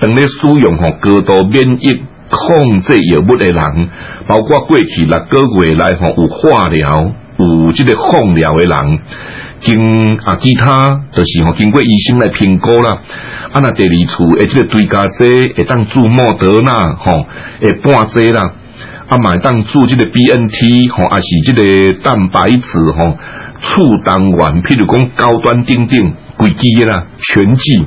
等你使用嗬，高度免疫控制藥物嘅人，包括過去六個月嚟嗬有化療、有即個放療嘅人，經啊，其他，就是嗬經過醫生來評估啦。啊，娜第二次，誒即個追加劑會當注莫德納嗬，誒半劑啦，阿嘛當注即個 BNT 嗬、喔，還是即個蛋白質嗬，次單元，譬如講高端頂頂貴機啦，全劑。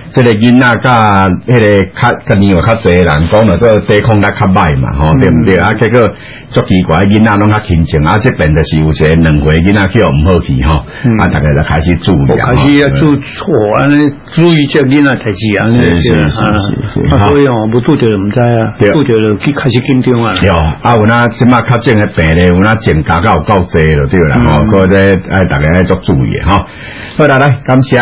即個囝仔甲迄個較今年又較濟人講嘛，說抵抗力較歹嘛，吼，對毋對啊？結果足奇怪，囝仔攏較平靜，啊，即邊的時候就兩個囝仔叫毋好去。吼，啊，逐個就開始注意啊，注意即因啊睇住啊，是是是是，所以哦，唔注意毋知啊，注意就開始緊張啊。啊，有那即馬較正嘅病咧，有那正常甲有夠濟啦，對吼，所以咧，愛，大家要作注意吼，好，大家感謝。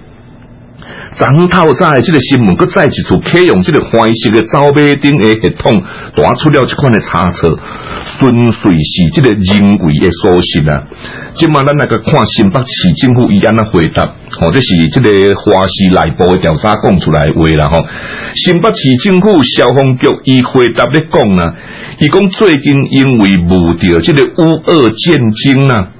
張頭在這個新聞，擱再一次啟用這個花式華視嘅招牌燈嘅系統，打出了這款嘅差錯，純粹是這個人為嘅疏失啊。今嘛，咱來個看新北市政府伊安怎回答，或者是這個華視內部調查講出來嘅話啦吼。新北市政府消防局伊回答咧講呢，伊講最近因為無掉這個烏俄戰爭啊。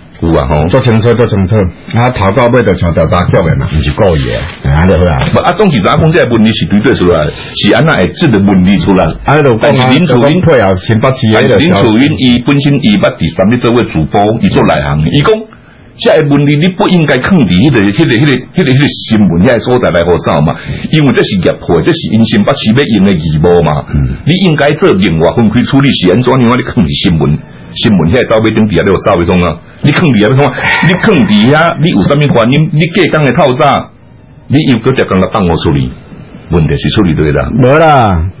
有啊吼，做清楚做清楚，啊頭到尾就長條炸腳嘅嘛，毋是故意誒、啊。啊，著好啦、嗯、啊？唔啊，總是知影即個問題是比對出嚟，是安怎會真嘅問題出嚟。喺呢度講下，林楚雲，林楚雲，伊本身伊不係什麼做位主播，伊、嗯、做內行伊講。即個問題你不應該坑你。迄個、迄、那個、迄、那個、迄、那個、迄、那個新聞，一系所在來何走嘛？嗯、因為這是業配，這是用心不使要用的義務嘛。嗯、你應該做另外分開處理是安怎樣的？你抗你新聞，新聞一系走未得底下，你走未中啊？你抗底下不通啊？ 你抗底下，你有啥物原因？你既講嘅套餐，你要嗰隻咁嘅幫我處理，問題是處理對沒啦？冇啦。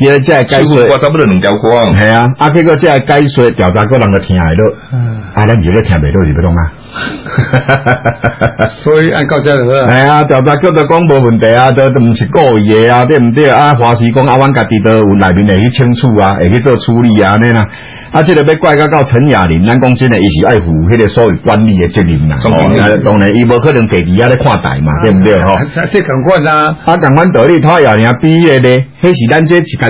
即個即係解說，係啊，啊，啊！結果即係解說調查過，人都聽下落，啊，咱幾個聽未落，就不懂啊。 所以按國家嚟講，係啊，調查叫做講冇問題啊，都都唔是過嘢啊，對唔對啊？華師講阿灣家己都有內面嚟去清楚啊，嚟去做處理啊，你呢、啊？啊，即、這個要怪到到陳亞玲，咱講真係，伊是愛負迄個所謂管理嘅責任呐。哦，當然伊冇可能自己喺度看台嘛，對唔對吼？他敢管啊？他敢管道理，他亞玲畢業呢，那是咱這幾、個。